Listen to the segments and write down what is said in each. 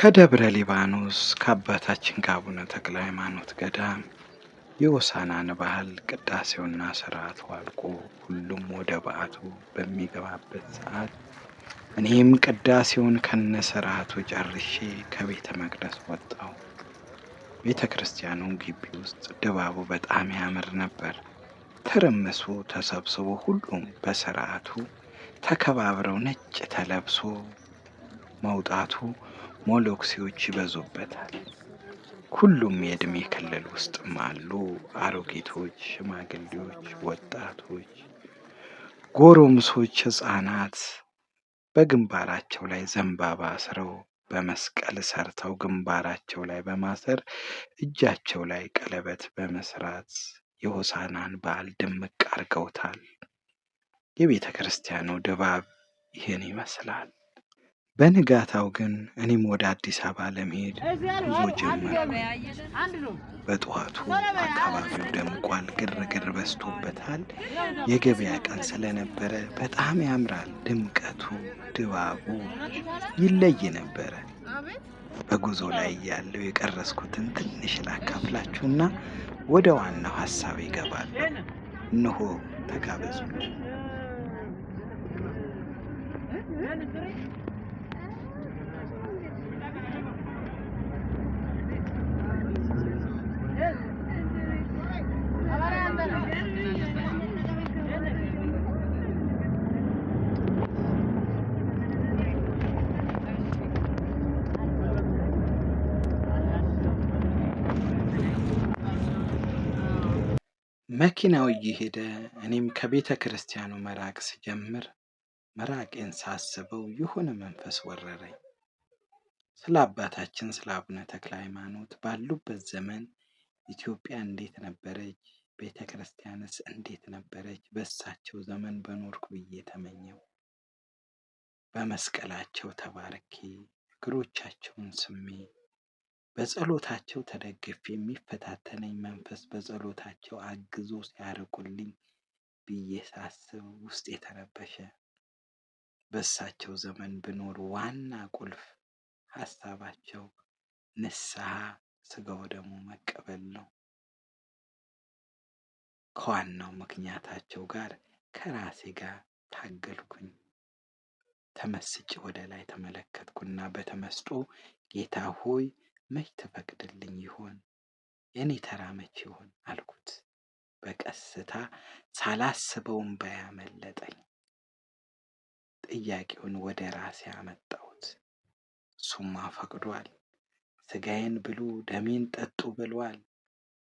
ከደብረ ሊባኖስ ከአባታችን ከአቡነ ተክለ ሃይማኖት ገዳም የሆሳዕናን ባህል ቅዳሴውና ስርዓቱ አልቆ ሁሉም ወደ በዓቱ በሚገባበት ሰዓት እኔም ቅዳሴውን ከነ ስርዓቱ ጨርሼ ከቤተ መቅደስ ወጣሁ። ቤተ ክርስቲያኑ ግቢ ውስጥ ድባቡ በጣም ያምር ነበር። ትርምሱ ተሰብስቦ ሁሉም በስርዓቱ ተከባብረው ነጭ ተለብሶ መውጣቱ ሞሎክሴዎች ይበዙበታል። ሁሉም የእድሜ ክልል ውስጥም አሉ። አሮጊቶች፣ ሽማግሌዎች፣ ወጣቶች፣ ጎረምሶች፣ ህፃናት በግንባራቸው ላይ ዘንባባ አስረው በመስቀል ሰርተው ግንባራቸው ላይ በማሰር እጃቸው ላይ ቀለበት በመስራት የሆሳናን በዓል ድምቅ አድርገውታል። የቤተ ክርስቲያኑ ድባብ ይህን ይመስላል። በንጋታው ግን እኔም ወደ አዲስ አበባ ለመሄድ ጉዞ ጀመርኩ። በጠዋቱ አካባቢው ደምቋል፣ ግርግር በዝቶበታል። የገበያ ቀን ስለነበረ በጣም ያምራል። ድምቀቱ፣ ድባቡ ይለይ ነበረ። በጉዞ ላይ ያለው የቀረስኩትን ትንሽ ላካፍላችሁና ወደ ዋናው ሀሳብ ይገባል። እንሆ ተጋበዙ። መኪናው እየሄደ እኔም ከቤተ ክርስቲያኑ መራቅ ስጀምር መራቄን ሳስበው የሆነ መንፈስ ወረረኝ። ስለ አባታችን ስለ አቡነ ተክለ ሃይማኖት ባሉበት ዘመን ኢትዮጵያ እንዴት ነበረች? ቤተ ክርስቲያንስ እንዴት ነበረች? በእሳቸው ዘመን በኖርኩ ብዬ ተመኘው። በመስቀላቸው ተባርኬ እግሮቻቸውን ስሜ በጸሎታቸው ተደግፌ የሚፈታተነኝ መንፈስ በጸሎታቸው አግዞ ሲያርቁልኝ ብዬ ሳስብ ውስጥ የተረበሸ በእሳቸው ዘመን ብኖር ዋና ቁልፍ ሀሳባቸው ንስሐ ስጋው ደግሞ መቀበል ነው። ከዋናው ምክንያታቸው ጋር ከራሴ ጋር ታገልኩኝ። ተመስጭ ወደ ላይ ተመለከትኩና በተመስጦ ጌታ ሆይ መች ትፈቅድልኝ ይሆን? የእኔ ተራ መች ይሆን አልኩት። በቀስታ ሳላስበውም ባያመለጠኝ ጥያቄውን ወደ ራሴ አመጣሁት። እሱማ ፈቅዷል ስጋዬን ብሉ ደሜን ጠጡ ብሏል።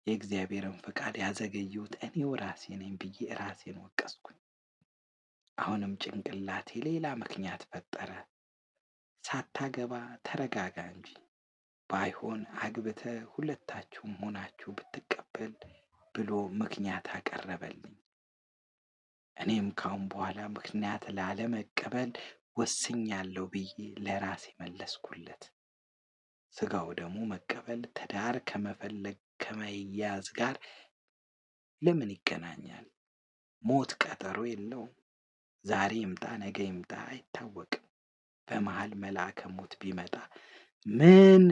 የእግዚአብሔርን ፈቃድ ያዘገየሁት እኔው ራሴ ነኝ ብዬ ራሴን ወቀስኩኝ። አሁንም ጭንቅላቴ ሌላ ምክንያት ፈጠረ። ሳታገባ ተረጋጋ እንጂ ባይሆን አግብተ ሁለታችሁም ሆናችሁ ብትቀበል ብሎ ምክንያት አቀረበልኝ። እኔም ካሁን በኋላ ምክንያት ላለመቀበል ወስኛለሁ ብዬ ለራሴ መለስኩለት። ስጋው ደግሞ መቀበል ትዳር ከመፈለግ ከመያዝ ጋር ለምን ይገናኛል? ሞት ቀጠሮ የለውም። ዛሬ ይምጣ ነገ ይምጣ አይታወቅም። በመሀል መልአከ ሞት ቢመጣ ምን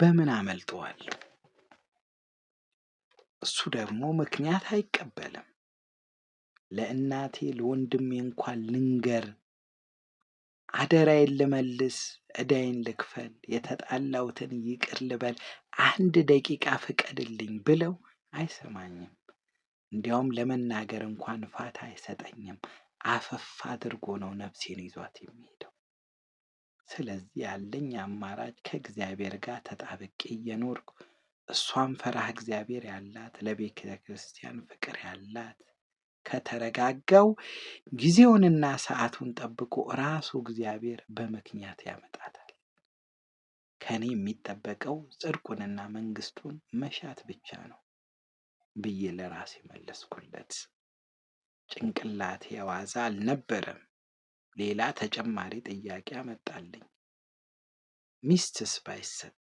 በምን አመልጠዋል? እሱ ደግሞ ምክንያት አይቀበልም። ለእናቴ ለወንድሜ እንኳን ልንገር አደራ የለመልስ እዳይን ልክፈል፣ የተጣላውትን ይቅር ልበል፣ አንድ ደቂቃ ፍቀድልኝ ብለው አይሰማኝም። እንዲያውም ለመናገር እንኳን ፋታ አይሰጠኝም። አፈፍ አድርጎ ነው ነፍሴን ይዟት የሚሄደው። ስለዚህ ያለኝ አማራጭ ከእግዚአብሔር ጋር ተጣብቄ እየኖርኩ እሷም ፈራህ እግዚአብሔር ያላት ለቤተ ክርስቲያን ፍቅር ያላት ከተረጋጋው ጊዜውንና ሰዓቱን ጠብቆ ራሱ እግዚአብሔር በምክንያት ያመጣታል። ከእኔ የሚጠበቀው ጽድቁንና መንግስቱን መሻት ብቻ ነው ብዬ ለራሴ መለስኩለት። ጭንቅላት የዋዛ አልነበረም። ሌላ ተጨማሪ ጥያቄ አመጣልኝ። ሚስትስ ባይሰጥ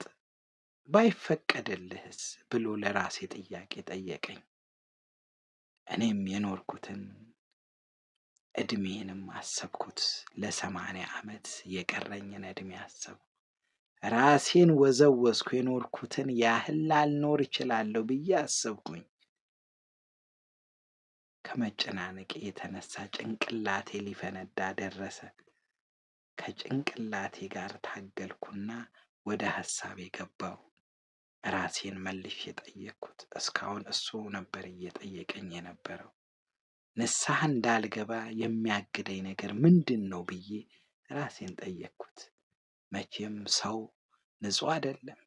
ባይፈቀድልህስ ብሎ ለራሴ ጥያቄ ጠየቀኝ። እኔም የኖርኩትን እድሜንም አሰብኩት። ለሰማንያ ዓመት የቀረኝን እድሜ አሰብኩ። ራሴን ወዘወዝኩ የኖርኩትን ያህል ላልኖር እችላለሁ ብዬ አሰብኩኝ። ከመጨናነቅ የተነሳ ጭንቅላቴ ሊፈነዳ ደረሰ። ከጭንቅላቴ ጋር ታገልኩና ወደ ሀሳብ ገባሁ። ራሴን መልሽ የጠየቅኩት። እስካሁን እሱ ነበር እየጠየቀኝ የነበረው። ንስሐ እንዳልገባ የሚያግደኝ ነገር ምንድን ነው ብዬ ራሴን ጠየቅኩት። መቼም ሰው ንጹሕ አይደለም።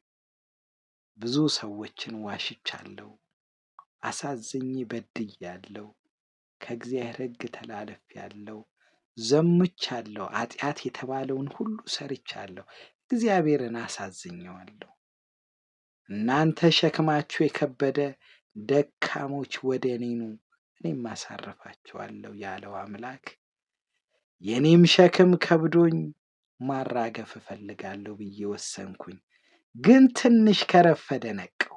ብዙ ሰዎችን ዋሽቻለሁ፣ አሳዝኜ በድያለሁ፣ ከእግዚአብሔር ሕግ ተላልፌያለሁ፣ ዘምቻለሁ፣ ኃጢአት የተባለውን ሁሉ ሰርቻለሁ፣ እግዚአብሔርን አሳዝኘዋለሁ። እናንተ ሸክማችሁ የከበደ ደካሞች ወደ እኔ ኑ እኔም አሳርፋችኋለሁ ያለው አምላክ የእኔም ሸክም ከብዶኝ ማራገፍ እፈልጋለሁ ብዬ ወሰንኩኝ። ግን ትንሽ ከረፈደ ነቀው።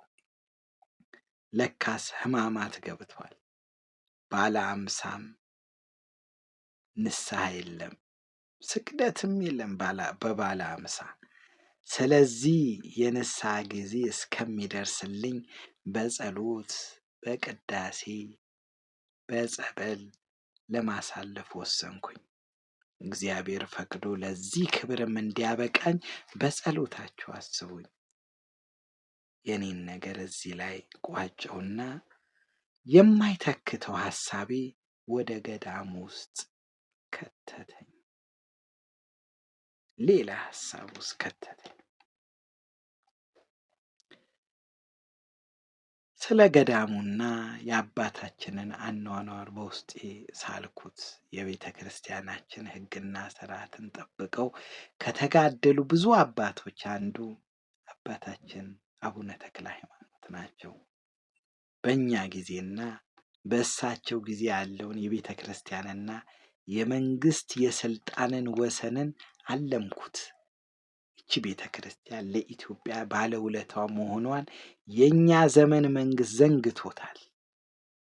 ለካስ ሕማማት ገብቷል። ባለ አምሳም ንስሐ የለም፣ ስግደትም የለም በባለ አምሳ ስለዚህ የንስሐ ጊዜ እስከሚደርስልኝ በጸሎት፣ በቅዳሴ፣ በጸበል ለማሳለፍ ወሰንኩኝ። እግዚአብሔር ፈቅዶ ለዚህ ክብርም እንዲያበቃኝ በጸሎታችሁ አስቡኝ። የኔን ነገር እዚህ ላይ ቋጨውና የማይተክተው ሐሳቤ ወደ ገዳም ውስጥ ከተተኝ፣ ሌላ ሐሳብ ውስጥ ከተተኝ። ስለ ገዳሙና የአባታችንን አኗኗር በውስጤ ሳልኩት። የቤተ ክርስቲያናችን ሕግና ስርዓትን ጠብቀው ከተጋደሉ ብዙ አባቶች አንዱ አባታችን አቡነ ተክለ ሃይማኖት ናቸው። በእኛ ጊዜና በእሳቸው ጊዜ ያለውን የቤተ ክርስቲያንና የመንግስት የስልጣንን ወሰንን አለምኩት። ይቺ ቤተ ክርስቲያን ለኢትዮጵያ ባለውለታ መሆኗን የእኛ ዘመን መንግስት ዘንግቶታል።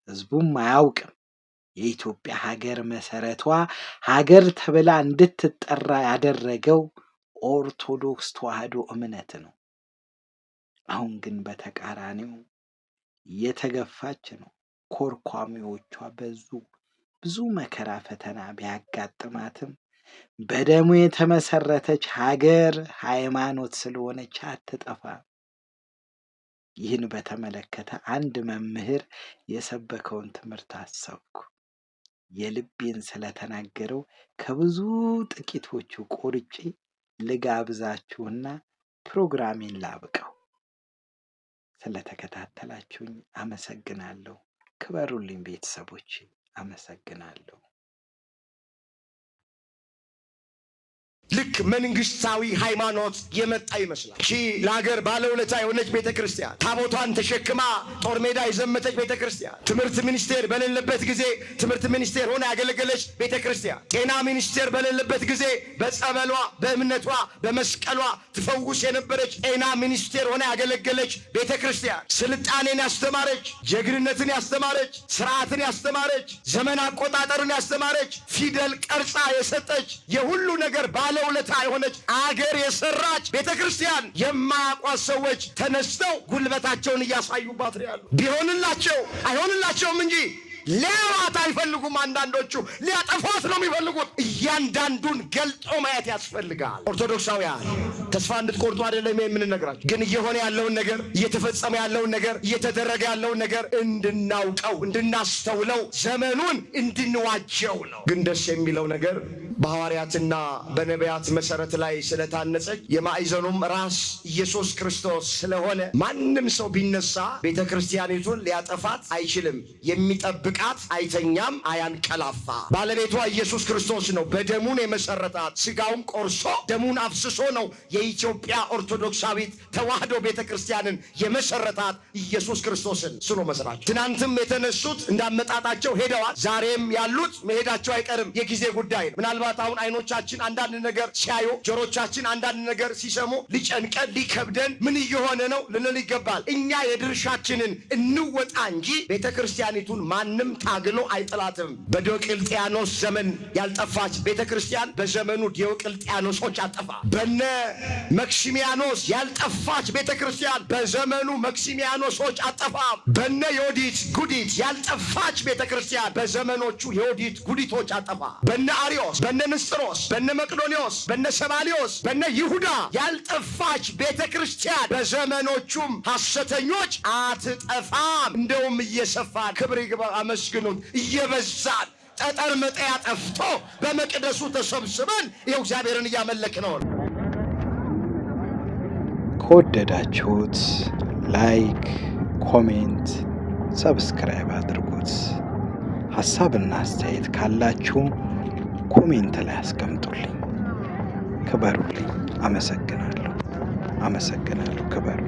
ህዝቡም አያውቅም። የኢትዮጵያ ሀገር መሰረቷ ሀገር ተብላ እንድትጠራ ያደረገው ኦርቶዶክስ ተዋህዶ እምነት ነው። አሁን ግን በተቃራኒው እየተገፋች ነው። ኮርኳሚዎቿ በዙ። ብዙ መከራ ፈተና ቢያጋጥማትም በደሙ የተመሰረተች ሀገር ሃይማኖት ስለሆነች አትጠፋ ይህን በተመለከተ አንድ መምህር የሰበከውን ትምህርት አሰብኩ። የልቤን ስለተናገረው ከብዙ ጥቂቶቹ ቆርጬ ልጋብዛችሁና ፕሮግራሜን ላብቀው። ስለተከታተላችሁኝ አመሰግናለሁ። ክበሩልኝ ቤተሰቦች፣ አመሰግናለሁ። ልክ መንግስታዊ ሃይማኖት የመጣ ይመስላል። ሺ ለሀገር ባለውለታ የሆነች ቤተ ክርስቲያን ታቦቷን ተሸክማ ጦር ሜዳ የዘመተች ቤተ ክርስቲያን፣ ትምህርት ሚኒስቴር በሌለበት ጊዜ ትምህርት ሚኒስቴር ሆና ያገለገለች ቤተ ክርስቲያን፣ ጤና ሚኒስቴር በሌለበት ጊዜ በጸበሏ፣ በእምነቷ፣ በመስቀሏ ትፈውስ የነበረች ጤና ሚኒስቴር ሆና ያገለገለች ቤተ ክርስቲያን፣ ስልጣኔን ያስተማረች፣ ጀግንነትን ያስተማረች፣ ስርዓትን ያስተማረች፣ ዘመን አቆጣጠርን ያስተማረች፣ ፊደል ቀርጻ የሰጠች የሁሉ ነገር ባለ ባለውለታ የሆነች አገር የሰራች ቤተ ክርስቲያን የማያቋት ሰዎች ተነስተው ጉልበታቸውን እያሳዩባት ነው ያሉ። ቢሆንላቸው አይሆንላቸውም እንጂ ሊያዋት አይፈልጉም። አንዳንዶቹ ሊያጠፏት ነው የሚፈልጉት። እያንዳንዱን ገልጦ ማየት ያስፈልጋል። ኦርቶዶክሳውያን ተስፋ እንድትቆርጡ አይደለም የምንነግራቸው፣ ግን እየሆነ ያለውን ነገር እየተፈጸመ ያለውን ነገር እየተደረገ ያለውን ነገር እንድናውቀው እንድናስተውለው ዘመኑን እንድንዋጀው ነው። ግን ደስ የሚለው ነገር በሐዋርያትና በነቢያት መሰረት ላይ ስለታነጸች የማዕዘኑም ራስ ኢየሱስ ክርስቶስ ስለሆነ ማንም ሰው ቢነሳ ቤተ ክርስቲያኒቱን ሊያጠፋት አይችልም። የሚጠብቃት አይተኛም፣ አያንቀላፋ። ባለቤቷ ኢየሱስ ክርስቶስ ነው። በደሙን የመሰረታት ስጋውን ቆርሶ ደሙን አፍስሶ ነው የኢትዮጵያ ኦርቶዶክሳዊት ተዋህዶ ቤተ ክርስቲያንን የመሰረታት ኢየሱስ ክርስቶስን ስሎ መስራች። ትናንትም የተነሱት እንዳመጣጣቸው ሄደዋል። ዛሬም ያሉት መሄዳቸው አይቀርም። የጊዜ ጉዳይ ነው ምናልባት ምናልባት አሁን አይኖቻችን አንዳንድ ነገር ሲያዩ፣ ጆሮቻችን አንዳንድ ነገር ሲሰሙ ሊጨንቀን ሊከብደን ምን እየሆነ ነው ልንል ይገባል። እኛ የድርሻችንን እንወጣ እንጂ ቤተ ክርስቲያኒቱን ማንም ታግሎ አይጥላትም። በዲዮቅልጥያኖስ ዘመን ያልጠፋች ቤተ ክርስቲያን በዘመኑ ዲዮቅልጥያኖሶች አጠፋ። በነ መክሲሚያኖስ ያልጠፋች ቤተ ክርስቲያን በዘመኑ መክሲሚያኖሶች አጠፋ። በነ ዮዲት ጉዲት ያልጠፋች ቤተ ክርስቲያን በዘመኖቹ ዮዲት ጉዲቶች አጠፋ። በነ አሪዮስ በነ ንስጥሮስ፣ በነ መቅዶኒዎስ፣ በነ ሰባሊዎስ፣ በነ ይሁዳ ያልጠፋች ቤተ ክርስቲያን በዘመኖቹም ሐሰተኞች አትጠፋም። እንደውም እየሰፋን ክብር ይግባ፣ አመስግኑን እየበዛን ጠጠር መጠያ ጠፍቶ በመቅደሱ ተሰብስበን ይኸው እግዚአብሔርን እያመለክ ነው። ከወደዳችሁት ላይክ፣ ኮሜንት፣ ሰብስክራይብ አድርጉት። ሀሳብና አስተያየት ካላችሁ ኮሜንት ላይ አስቀምጡልኝ። ክበሩልኝ። አመሰግናለሁ፣ አመሰግናለሁ። ክበሩ